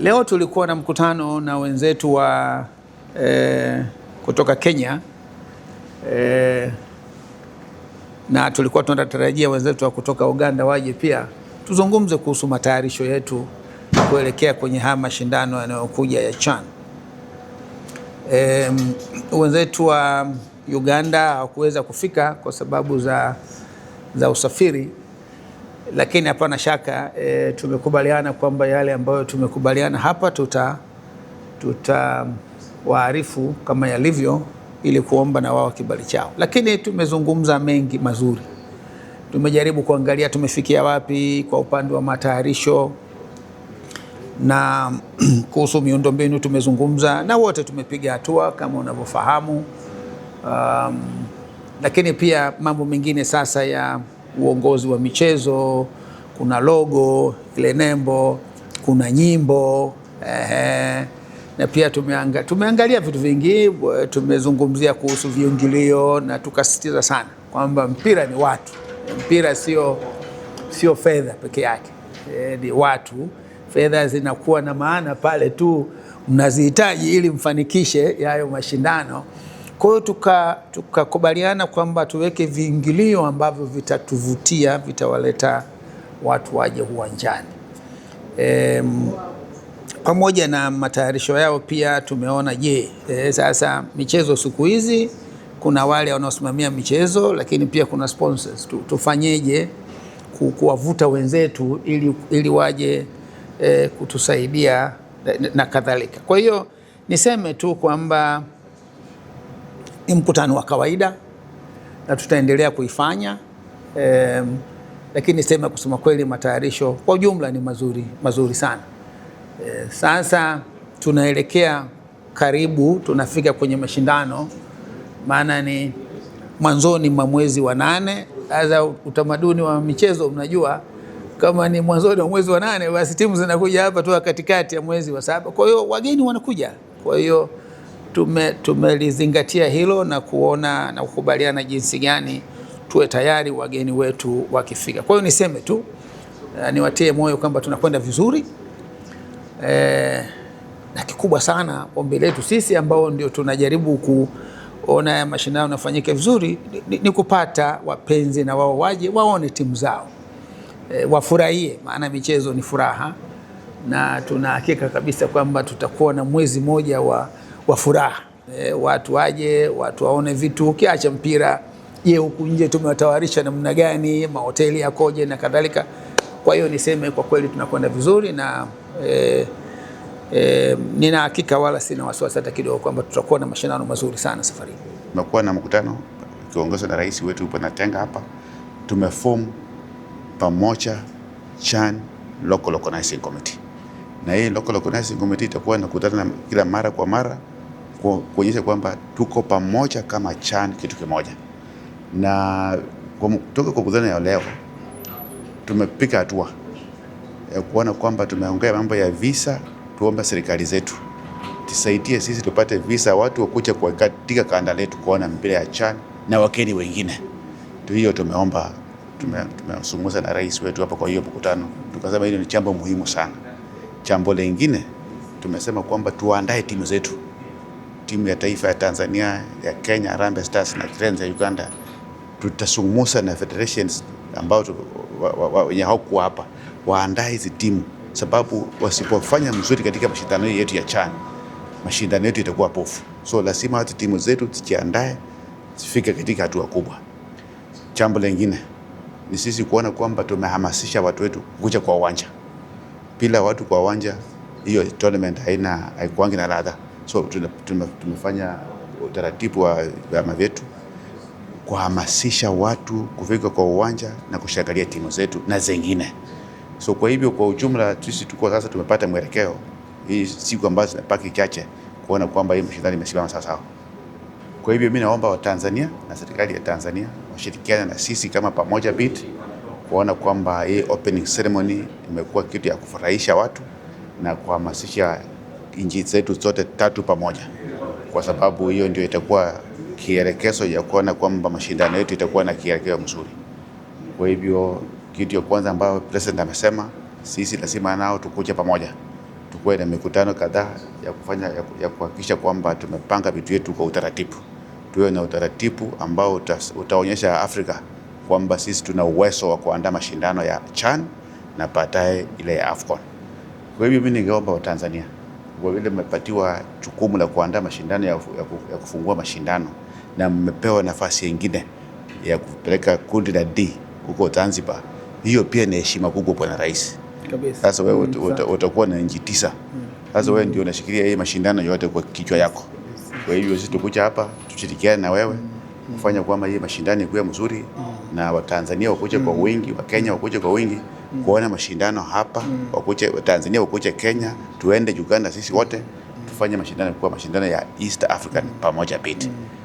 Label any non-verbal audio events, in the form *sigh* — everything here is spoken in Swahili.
Leo tulikuwa na mkutano na wenzetu wa e, kutoka Kenya e, na tulikuwa tunatarajia wenzetu wa kutoka Uganda waje pia tuzungumze kuhusu matayarisho yetu kuelekea kwenye haya mashindano yanayokuja ya CHAN. E, wenzetu wa Uganda hawakuweza kufika kwa sababu za, za usafiri lakini hapana shaka e, tumekubaliana kwamba yale ambayo tumekubaliana hapa tuta tutawaarifu kama yalivyo, ili kuomba na wao kibali chao. Lakini tumezungumza mengi mazuri, tumejaribu kuangalia tumefikia wapi kwa upande wa matayarisho na *clears throat* kuhusu miundombinu tumezungumza na wote, tumepiga hatua kama unavyofahamu. Um, lakini pia mambo mengine sasa ya uongozi wa michezo, kuna logo ile nembo, kuna nyimbo ehe, na pia tumeanga, tumeangalia vitu vingi, tumezungumzia kuhusu viingilio na tukasisitiza sana kwamba mpira ni watu, mpira sio sio fedha peke yake e, ni watu. Fedha zinakuwa na maana pale tu mnazihitaji ili mfanikishe yayo mashindano. Kwa hiyo tukakubaliana tuka kwamba tuweke viingilio ambavyo vitatuvutia, vitawaleta watu waje uwanjani. E, pamoja na matayarisho yao pia tumeona je, e, sasa michezo siku hizi kuna wale wanaosimamia michezo lakini pia kuna sponsors. Tufanyeje kuwavuta wenzetu ili, ili waje e, kutusaidia na, na kadhalika. Kwa hiyo niseme tu kwamba ni mkutano wa kawaida na tutaendelea kuifanya e, lakini sema kusema kweli matayarisho kwa ujumla ni mazuri, mazuri sana e, sasa tunaelekea karibu tunafika kwenye mashindano, maana ni mwanzoni mwa mwezi wa nane. Sasa utamaduni wa michezo mnajua, kama ni mwanzoni wa mwezi wa nane, basi timu zinakuja hapa tu katikati ya mwezi wa saba. Kwa hiyo wageni wanakuja, kwa hiyo tume tumelizingatia hilo na kuona na kukubaliana jinsi gani tuwe tayari wageni wetu wakifika. Kwa hiyo niseme tu eh, niwatie moyo kwamba tunakwenda vizuri eh, na kikubwa sana ombi letu sisi ambao ndio tunajaribu kuona ya mashindano yanafanyike vizuri ni, ni kupata wapenzi na wao waje waone timu zao e, wafurahie, maana michezo ni furaha, na tunahakika kabisa kwamba tutakuwa na mwezi moja wa wa furaha e, watu waje, watu waone vitu, ukiacha mpira. Je, huku nje tumewatawarisha namna gani? Mahoteli yakoje na kadhalika. Kwa hiyo niseme kwa kweli tunakwenda vizuri na e, e, nina hakika wala sina wasiwasi hata kidogo kwamba tutakuwa na mashindano mazuri sana safari hii. Tumekuwa na mkutano ukiongozwa na rais wetu yupo Natenga hapa, tumeform pamoja CHAN Local Organizing Committee, na hii Local Organizing Committee itakuwa inakutana kila mara kwa mara kuonyesha kwamba tuko pamoja kama CHAN kitu kimoja, na kutoka kwa kuzana ya leo tumepiga hatua ya kuona kwamba tumeongea mambo ya visa. Tuomba serikali zetu tusaidie sisi tupate visa, watu wakuja kwa katika kanda letu kuona mpira ya CHAN na wakeni wengine tu. Hiyo tumeomba, tumezungumza na rais wetu hapa kwa hiyo mkutano, tukasema hilo ni jambo muhimu sana. Jambo lingine tumesema kwamba tuandae timu zetu timu ya taifa ya Tanzania ya Kenya, Harambee Stars na Cranes ya Uganda, tutasungumusa na federations ambao wenye hawakuwa hapa waandae hizi timu, sababu wasipofanya mzuri katika mashindano yetu ya CHAN mashindano yetu itakuwa pofu. So lazima hizi timu zetu zijiandae zifike katika hatua kubwa. Jambo lingine ni sisi kuona kwamba tumehamasisha watu wetu kuja kwa uwanja. Bila watu kwa uwanja, hiyo tournament haina haikuangi na ladha. So tumefanya utaratibu wa vyama vyetu kuhamasisha watu kufika kwa uwanja na kushangalia timu zetu na zengine. So kwa hivyo, kwa ujumla, sisi tuko sasa tumepata mwelekeo hii siku ambazo zinapaki chache kuona kwamba hii mshindani imesimama sawa. Kwa hivyo mimi naomba Watanzania na serikali ya Tanzania washirikiane na sisi kama Pamoja BIT kuona kwamba hii opening ceremony imekuwa kitu ya kufurahisha watu na kuhamasisha nchi zetu zote tatu pamoja, kwa sababu hiyo ndio itakuwa kielekezo ya kuona kwamba mashindano yetu itakuwa na kielekeo mzuri. Kwa hivyo kitu ya kwanza ambayo president amesema, sisi lazima nao tukuje pamoja, tukuwe na mikutano kadhaa ya kufanya ya kuhakikisha kwamba tumepanga vitu yetu kwa utaratibu, tuwe na utaratibu ambao utaonyesha Afrika kwamba sisi tuna uwezo wa kuandaa mashindano ya CHAN na baadaye ile ya AFCON. Kwa hivyo mimi ningeomba Watanzania kwa vile mmepatiwa jukumu la kuandaa mashindano ya, ya kufungua mashindano na mmepewa nafasi nyingine ya kupeleka kundi la D huko Zanzibar, hiyo pia ni heshima kubwa Bwana Rais. Sasa wewe mm, utakuwa na nchi tisa. Mm. Sasa wewe mm. ndio unashikilia hii mashindano yote kwa kichwa yako. Kwa hivyo sisi tukuja hapa tushirikiane na wewe kufanya kwamba hii mashindano ikuwe mzuri mm. na Watanzania wakuje kwa mm. wingi, Wakenya wakuje kwa wingi mm. kuona mashindano hapa, wakuje Tanzania, wakuje Kenya, tuende Uganda, sisi wote tufanye mashindano kuwa mashindano ya East African pamoja biti